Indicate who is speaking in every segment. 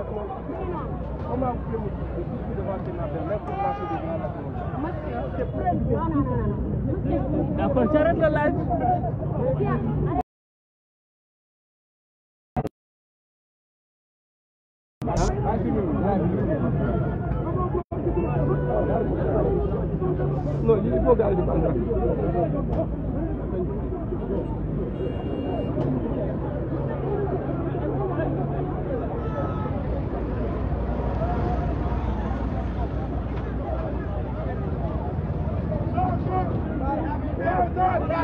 Speaker 1: Comment vous pouvez vous situer devant ce matin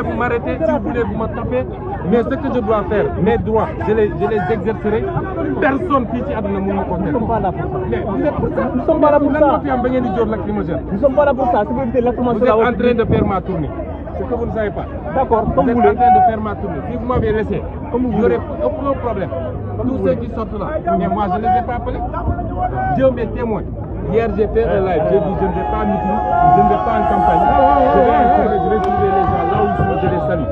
Speaker 2: vous m'arrêtez. Si vous voulez, vous me Mais ce que je dois faire, mes droits, je les, je les exercerai. Personne qui s'y me mon Nous ne sommes pas là pour ça. Mais Nous sommes pas là pour ça. Nous sommes pas là pour ça. Si vous êtes en train de faire ma tournée. C'est que vous ne savez pas. D'accord, comme vous êtes en train de faire ma tournée. Si vous m'avez laissé, comme vous n'aurez aucun problème. Tous ceux qui sortent là. Mais moi, je ne les ai pas appelés. Dieu me témoigne. Hier, j'ai fait un live. J'ai dit, je ne vais pas en je ne vais pas en campagne. Je vais les gens je les salue.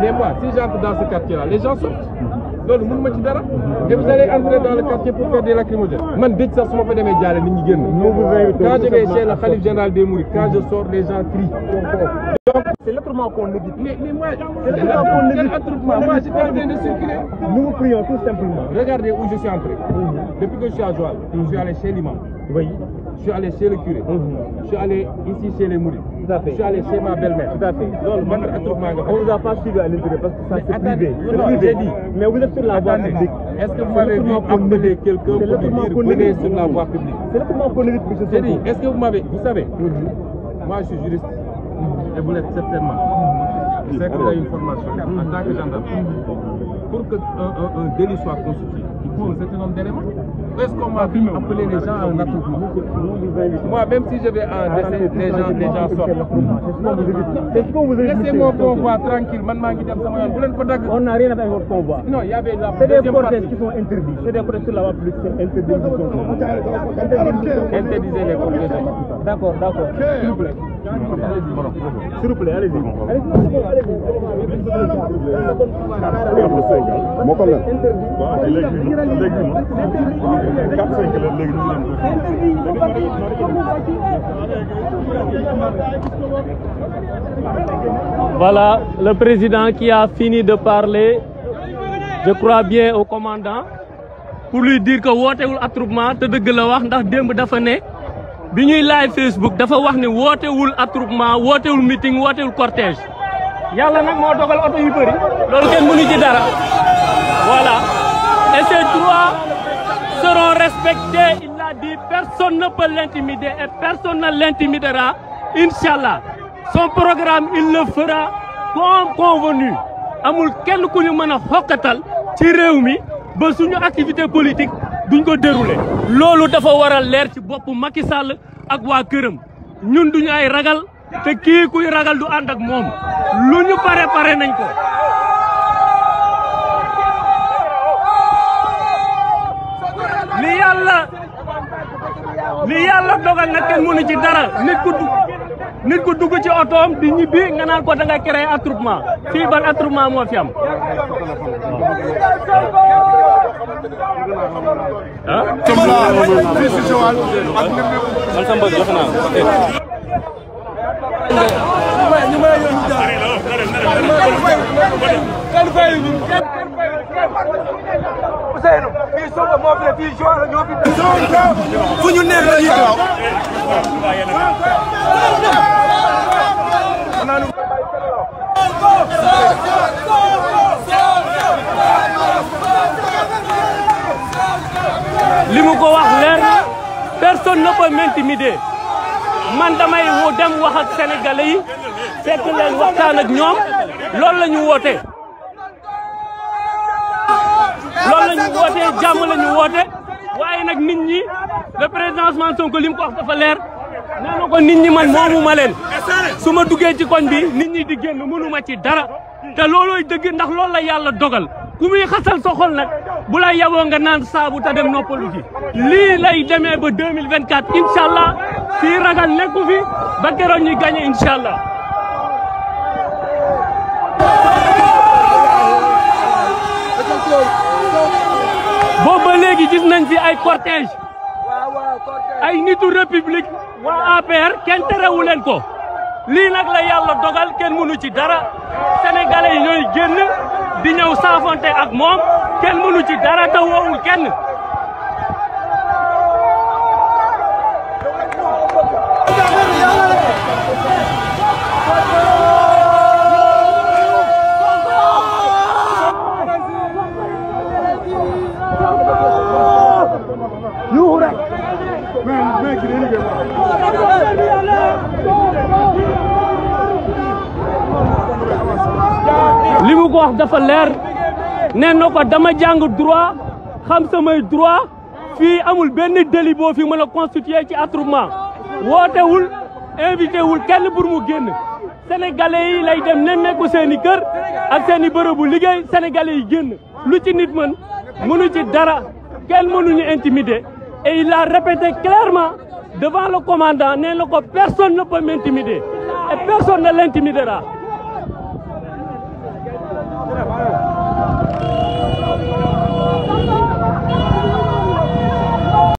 Speaker 2: Mais moi, si j'entre dans ce quartier-là, les gens sortent. donc le ma et vous allez entrer dans le quartier pour faire des lacrymogènes. man dëj ça ce ma fa demee jaale nit quand je vais chez le khalife général des Mourides quand je sors les gens crient. donc c'est l'attroupement qu'on évite. mais mais moi c'est l'autre qu'on moi j'étais en train de circuler. nous prions tout simplement. regardez où je suis entré. Mhm. depuis que je suis à Joal. je suis allé chez l'imam. oui je suis allé chez le curé. Mhm. je suis allé ici chez les Mourides. Tout à fait. chez ma belle-mère. Tout à fait. on ne vous a pas suivi à l'intérieur parce que ça c'est privé. privé. Dit, mais vous êtes sur la voie publique. Est-ce que vous m'avez connu quelqu'un pour dire êtes sur la voie publique C'est le politique que je dit, est-ce que vous m'avez... Vous savez, mm-hmm. moi je suis juriste mm-hmm. et vous l'êtes certainement. Mm-hmm. C'est que vous avez une formation en tant que gendarme pour qu'un un, délit soit constitué, il faut un certain nombre d'éléments. Est-ce qu'on va appeler les gens à un attroupement Moi, même si je vais en les gens, les gens sortent. Laissez-moi convoi tranquille. On n'a rien à faire avec votre convoi. Non, il y avait la C'est des portes qui sont interdites. C'est des portes sur la voie publique qui sont interdites. Interdisez les protestes. D'accord, d'accord. S'il vous plaît. S'il vous plaît, allez-y. Allez-y, allez-y. Voilà
Speaker 1: le président qui a fini de parler je crois bien au commandant pour lui dire que wootewul attroupement te wax ndax dafa live Facebook dafa wax meeting cortège yàlla nag moo dogal oto yu bëri loolu kenn mënu ci dara voilà et ces droits seront respectés il a dit personne ne peut l'intimider et personne ne l'intimidera inchallah son programme il le amul kenn ku ñu mën a xokkatal ci réew mi ba suñu activité politique duñ ko dérouler loolu dafa war a leer ci boppu Macky Sall ak waa këram ñun duñu ay ragal te kii kuy ragal du ànd ak moom lu ñu pare nañ ko li yàlla li yàlla dogal nag kenn mënu ci dara nit nit ci di ñibbi nga naan ko da nga créer attroupement ban attroupement fi am
Speaker 2: ah Ousseynou fii Soba moo fi ne fii Joal ñoo fi fu ñu na
Speaker 1: m'intimider man damay dem wax ak sénégalais yi fekk leen waxtaan ak ñoom loolu la ñu woote. loolu la ñu woote jàmm la woote waaye nag nit ñi le président Ousmane Sonko li mu ko wax dafa leer nee na ko nit ñi man moomu ma leen su ma duggee ci koñ bi nit ñi di génn mënu ma ci dara te loolooy dëgg ndax loolu la yàlla dogal ku muy xasal sa xol nag bu la yaboo nga naan saabu ta dem noppalu ji lii lay demee ba 2024 incha allah. fii ragal nekku fi ba keroog ñuy gagné incha allah. léegi gis nañ fi ay cortège ay nitu république waa APR kenn terewu ko lii nag la yàlla dogal kenn mënu ci dara sénégalais yi ñooy génn di ñëw saafonte ak moom kenn mënu ci dara te woowul kenn. dafa dama droit xam droit fii amul ben délit bo fi mën constituer ci attroupement wul invité wul kenn pour mu génn sénégalais yi lay dem nemmeeku seen i kër ak séni bërobu bërëbu sénégalais yi génn lu ci nit man mënu ci dara kenn ñu intimider et il a répété clairement devant le commandant nee le ko personne ne peut m'intimider et personne ne l'intimidera Trabalha.